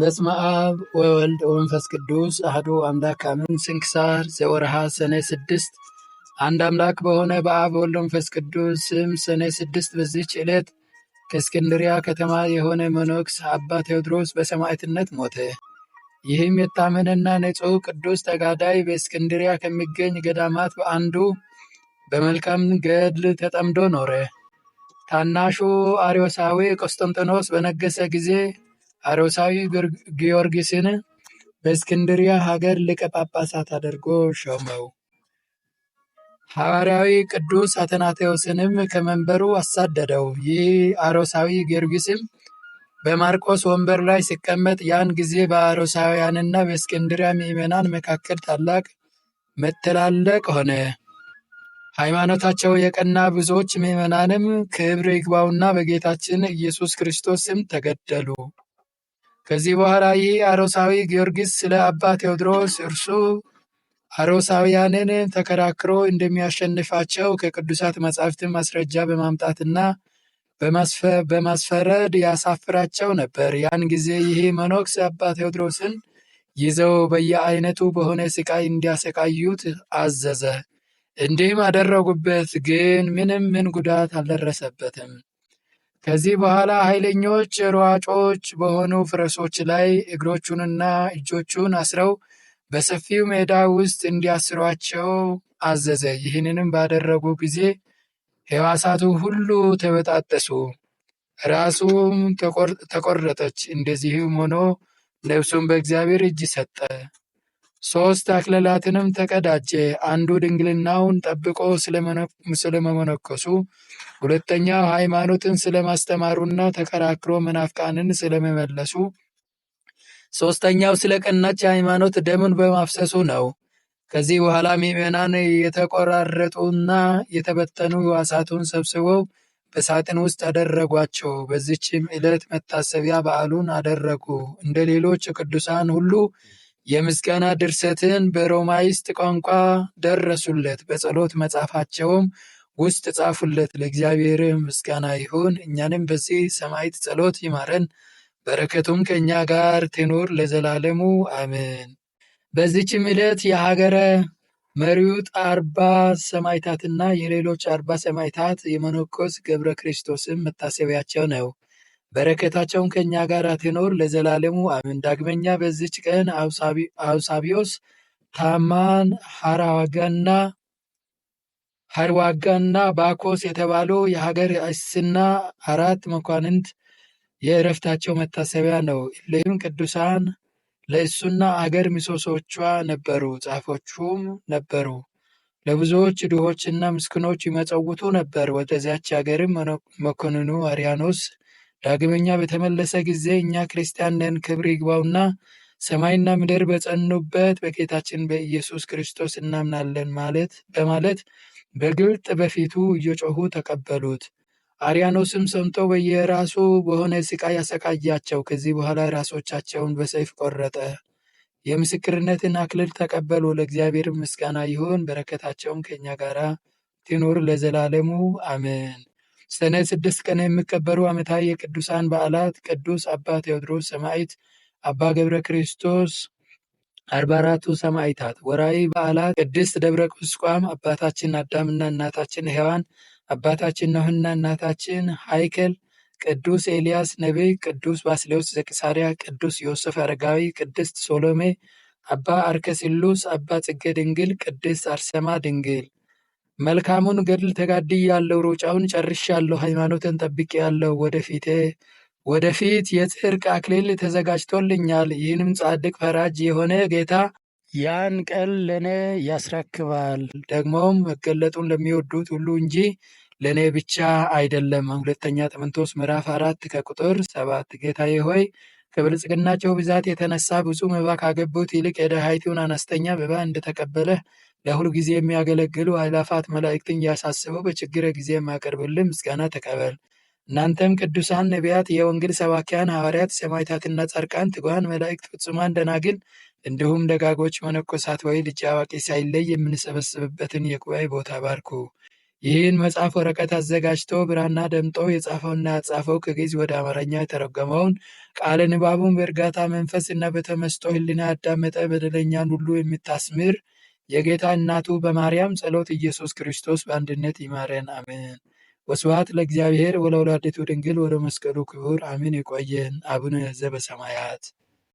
በስመ አብ ወወልድ ወመንፈስ ቅዱስ አህዶ አምላክ አሜን። ስንክሳር ዘወርሃ ሰኔ ስድስት አንድ አምላክ በሆነ በአብ ወልድ መንፈስ ቅዱስ ስም ሰኔ ስድስት በዚች ዕለት ከእስክንድሪያ ከተማ የሆነ መኖክስ አባ ቴዎድሮስ በሰማዕትነት ሞተ። ይህም የታመነና ንጹሕ ቅዱስ ተጋዳይ በእስክንድሪያ ከሚገኝ ገዳማት በአንዱ በመልካም ገድል ተጠምዶ ኖረ። ታናሹ አርዮሳዊ ቆስጠንጢኖስ በነገሰ ጊዜ አሮሳዊ ጊዮርጊስን በእስክንድሪያ ሀገር ሊቀ ጳጳሳት አድርጎ ሾመው። ሐዋርያዊ ቅዱስ አትናቴዎስንም ከመንበሩ አሳደደው። ይህ አሮሳዊ ጊዮርጊስም በማርቆስ ወንበር ላይ ሲቀመጥ ያን ጊዜ በአሮሳውያንና በእስክንድሪያ ምዕመናን መካከል ታላቅ መተላለቅ ሆነ። ሃይማኖታቸው የቀና ብዙዎች ምዕመናንም ክብር ይግባውና በጌታችን ኢየሱስ ክርስቶስ ስም ተገደሉ። ከዚህ በኋላ ይህ አሮሳዊ ጊዮርጊስ ስለ አባ ቴዎድሮስ እርሱ አሮሳውያንን ተከራክሮ እንደሚያሸንፋቸው ከቅዱሳት መጻሕፍትን ማስረጃ በማምጣትና በማስፈረድ ያሳፍራቸው ነበር። ያን ጊዜ ይህ መኖክስ አባ ቴዎድሮስን ይዘው በየአይነቱ በሆነ ስቃይ እንዲያሰቃዩት አዘዘ። እንዲህም አደረጉበት፣ ግን ምንም ምን ጉዳት አልደረሰበትም። ከዚህ በኋላ ኃይለኞች ሯጮች በሆኑ ፈረሶች ላይ እግሮቹንና እጆቹን አስረው በሰፊው ሜዳ ውስጥ እንዲያስሯቸው አዘዘ። ይህንንም ባደረጉ ጊዜ ሕዋሳቱ ሁሉ ተበጣጠሱ፣ ራሱም ተቆረጠች። እንደዚህም ሆኖ ነፍሱን በእግዚአብሔር እጅ ሰጠ። ሦስት አክሊላትንም ተቀዳጀ። አንዱ ድንግልናውን ጠብቆ ስለመመነኮሱ፣ ሁለተኛው ሃይማኖትን ስለማስተማሩና ተከራክሮ መናፍቃንን ስለመመለሱ፣ ሦስተኛው ስለ ቀናች ሃይማኖት ደምን በማፍሰሱ ነው። ከዚህ በኋላ ምዕመናን የተቆራረጡና የተበተኑ ሕዋሳቱን ሰብስበው በሳጥን ውስጥ አደረጓቸው። በዚችም ዕለት መታሰቢያ በዓሉን አደረጉ። እንደ ሌሎች ቅዱሳን ሁሉ የምስጋና ድርሰትን በሮማይስጥ ቋንቋ ደረሱለት፣ በጸሎት መጽሐፋቸውም ውስጥ ጻፉለት። ለእግዚአብሔር ምስጋና ይሁን፣ እኛንም በዚህ ሰማዕት ጸሎት ይማረን፣ በረከቱም ከእኛ ጋር ትኑር ለዘላለሙ አሜን። በዚችም ዕለት የሀገረ መሪውጥ አርባ ሰማዕታትና የሌሎች አርባ ሰማዕታት የመነኮስ ገብረ ክርስቶስም መታሰቢያቸው ነው። በረከታቸውን ከእኛ ጋር ትኖር ለዘላለሙ አሜን። ዳግመኛ በዚች ቀን አውሳቢዮስ ታማን፣ ሐርዋጋና ሐርዋጋና ባኮስ የተባሉ የሀገር እስና አራት መኳንንት የእረፍታቸው መታሰቢያ ነው። እሊህም ቅዱሳን ለእሱና አገር ምሰሶዎቿ ነበሩ፣ ጻፎቹም ነበሩ። ለብዙዎች ድሆችና ምስኪኖች ይመጸውቱ ነበር። ወደዚያች አገርም መኮንኑ አርያኖስ ዳግመኛ በተመለሰ ጊዜ እኛ ክርስቲያን ነን፣ ክብር ይግባውና ሰማይና ምድር በጸኑበት በጌታችን በኢየሱስ ክርስቶስ እናምናለን ማለት በማለት በግልጥ በፊቱ እየጮኹ ተቀበሉት። አርያኖስም ሰምቶ በየራሱ በሆነ ስቃይ ያሰቃያቸው ከዚህ በኋላ ራሶቻቸውን በሰይፍ ቆረጠ። የምስክርነትን አክሊል ተቀበሉ። ለእግዚአብሔር ምስጋና ይሁን፣ በረከታቸውም ከእኛ ጋር ትኑር ለዘላለሙ አሜን። ሰኔ ስድስት ቀን የሚከበሩ ዓመታዊ የቅዱሳን በዓላት ቅዱስ አባ ቴዎድሮስ ሰማዕት፣ አባ ገብረ ክርስቶስ፣ አርባ አራቱ ሰማዕታት። ወርኃዊ በዓላት ቅድስት ደብረ ቁስቋም፣ አባታችን አዳምና እናታችን ሔዋን፣ አባታችን ኖኅና እናታችን ሃይከል ቅዱስ ኤልያስ ነቢይ፣ ቅዱስ ባስሌዎስ ዘቂሳርያ፣ ቅዱስ ዮሴፍ አረጋዊ፣ ቅድስት ሶሎሜ፣ አባ አርከሲሉስ አባ ጽጌ ድንግል፣ ቅድስት አርሴማ ድንግል መልካሙን ገድል ተጋድያለሁ፣ ሩጫውን ጨርሻለሁ፣ ሃይማኖትን ጠብቄያለሁ። ወደፊት ወደፊት የጽድቅ አክሊል ተዘጋጅቶልኛል። ይህንም ጻድቅ ፈራጅ የሆነ ጌታ ያን ቀን ለእኔ ያስረክባል። ደግሞም መገለጡን ለሚወዱት ሁሉ እንጂ ለእኔ ብቻ አይደለም። ሁለተኛ ጢሞቴዎስ ምዕራፍ አራት ከቁጥር ሰባት ጌታዬ ሆይ ከብልጽግናቸው ብዛት የተነሳ ብፁዕ መባ ካገቡት ይልቅ የደሃይቱን አነስተኛ መባ እንደተቀበለ ለሁል ጊዜ የሚያገለግሉ አእላፋት መላእክትን እያሳስበው በችግረ ጊዜ የማቀርብልህ ምስጋና ተቀበል። እናንተም ቅዱሳን ነቢያት፣ የወንጌል ሰባኪያን ሐዋርያት፣ ሰማዕታትና ጻድቃን፣ ትጉሃን መላእክት፣ ፍጹማን ደናግል እንዲሁም ደጋጎች መነኮሳት ወይ ልጅ አዋቂ ሳይለይ የምንሰበስብበትን የጉባኤ ቦታ ባርኩ። ይህን መጽሐፍ ወረቀት አዘጋጅቶ ብራና ደምጦ የጻፈውና ያጻፈው ከግዕዝ ወደ አማርኛ የተረጎመውን ቃለ ንባቡን በእርጋታ መንፈስ እና በተመስጦ ሕሊና ያዳመጠ በደለኛን ሁሉ የምታስምር የጌታ እናቱ በማርያም ጸሎት ኢየሱስ ክርስቶስ በአንድነት ይማረን፣ አሜን። ወስብሐት ለእግዚአብሔር ወለወላዲቱ ድንግል ወለመስቀሉ ክቡር፣ አሜን። ይቆየን። አቡነ ዘበሰማያት